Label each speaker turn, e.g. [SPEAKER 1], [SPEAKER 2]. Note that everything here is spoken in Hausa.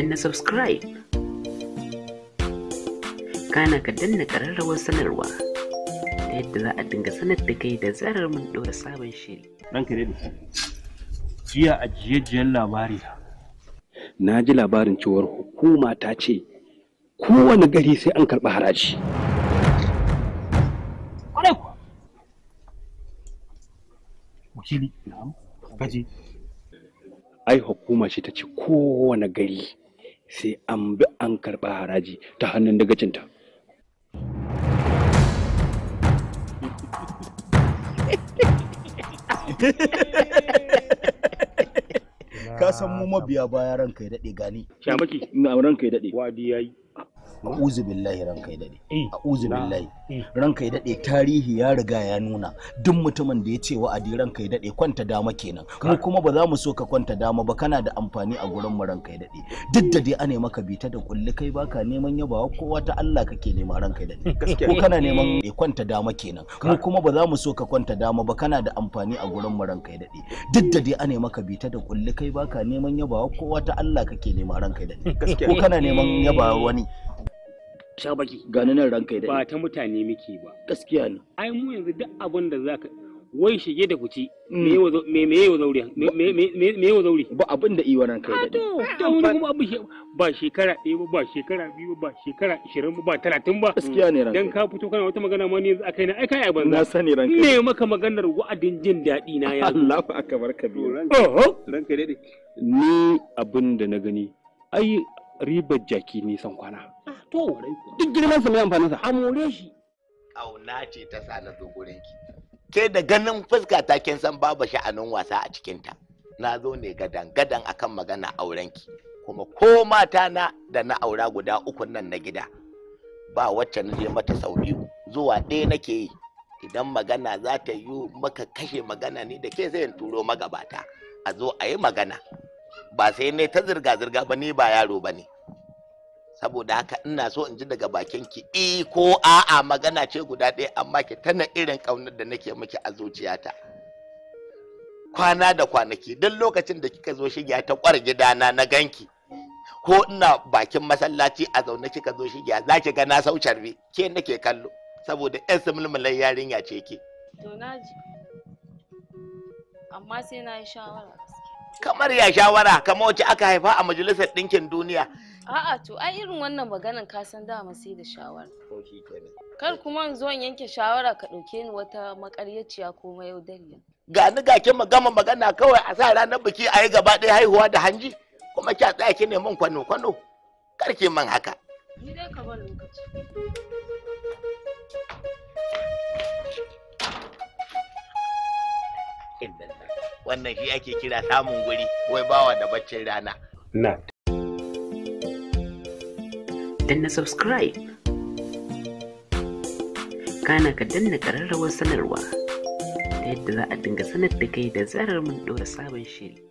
[SPEAKER 1] danna subscribe kana ka danna ƙararrawar sanarwa ta yadda za a dinga sanar da kai da zarar mun ɗora sabon shiri ranka dai jiya a jiyajiyar labari na ji labarin cewar hukuma ta ce kowane gari sai an karɓi haraji wakili ai hukuma ce ta ce kowane gari sai an bi an karɓa haraji ta hannun dagacinta.
[SPEAKER 2] ka san mu mabiya baya ranka ya daɗe gani. Shamaki, ina ranka ya daɗe. Wadi yayi. uzu billahi ranka ya eh. a uzu billahi eh. ranka ya dade tarihi ya riga ya nuna duk mutumin da ya ce wa'adi ranka ya dade kwanta dama kenan mu kuma ba za mu so ka kwanta dama ba kana da amfani a gurin mu ranka ya dade duk da dai ane maka bita da kulli kai baka neman yabawa kowa ta Allah kake nema ranka ya dade ko kana neman ya kwanta dama kenan mu kuma ba za mu so ka kwanta dama ba kana da amfani a gurin mu ranka ya dade duk da dai ane maka bita da kulli kai baka neman yabawa kowa ta Allah kake nema ranka ya dade ko kana neman yabawa wani sha baki gani nan ranka da ba ta mutane muke ba gaskiya ne
[SPEAKER 1] ai mu yanzu duk abin da zaka wai shige da kuci mm. me me me yawa zauri me me me yawa zauri ba abin da iwa ranka ah, da
[SPEAKER 2] to da wani kuma
[SPEAKER 1] abu ba shekara ɗaya ba ba shekara biyu ba shekara 20 ba ba 30 ba gaskiya ne ranka dan ka fito kana wata magana ma ne yanzu akai na ai kai ai banza na sani ranka ne maka maganar wa'adin jin daɗi na ya Allah Allahu akbar kabir ranka dai ni abin da na gani ai ribar jaki san kwana To, duk girman sa mai amfani sa. A more shi.
[SPEAKER 3] Auna ce ta sa na zo gurin Ke da ganin fuska ta kin san babu sha'anin wasa a cikin ta. Na zo ne gadan gadan akan magana auren ki. Kuma ko mata na da na aura guda uku nan na gida. Ba wacce na je mata sau biyu zuwa ɗaya nake yi. Idan magana za ta yi maka kashe magana ne da ke zai turo magabata. A zo a yi magana. Ba sai ne ta zirga-zirga ba ni ba yaro ba ne. saboda haka ina so in ji daga bakin ki e ko a'a magana ce guda ɗaya amma ki tana irin ƙaunar da nake miki a zuciyata kwana da kwanaki duk lokacin da kika zo shiga ta kwar gidana na ganki ko ina bakin masallaci a zaune kika zo shiga za ki ga na saucar bi ke nake kallo saboda yan mulmulan yarinya ce ke
[SPEAKER 1] to naji amma sai na yi shawara kamar
[SPEAKER 3] ya shawara kamar wacce aka haifa a majalisar ɗinkin duniya
[SPEAKER 1] a'a to ai irin wannan maganan ka san dama sai da shawara kar kuma zo in yanke shawara ka ɗauke ni wata makaryaciya ko mayaudariya
[SPEAKER 3] ga ni ga kin gama magana kawai a sa ranar biki a yi gaba ɗaya haihuwa da hanji kuma kya tsaya ki neman kwano kwano kar ki man haka ni dai ka bar lokaci wannan shi ake kira samun guri wai bawa da baccin rana
[SPEAKER 1] na danna subscribe kana ka danna kararrawar sanarwa ta yadda za a dinga sanar da kai da zarar mun ɗora sabon shiri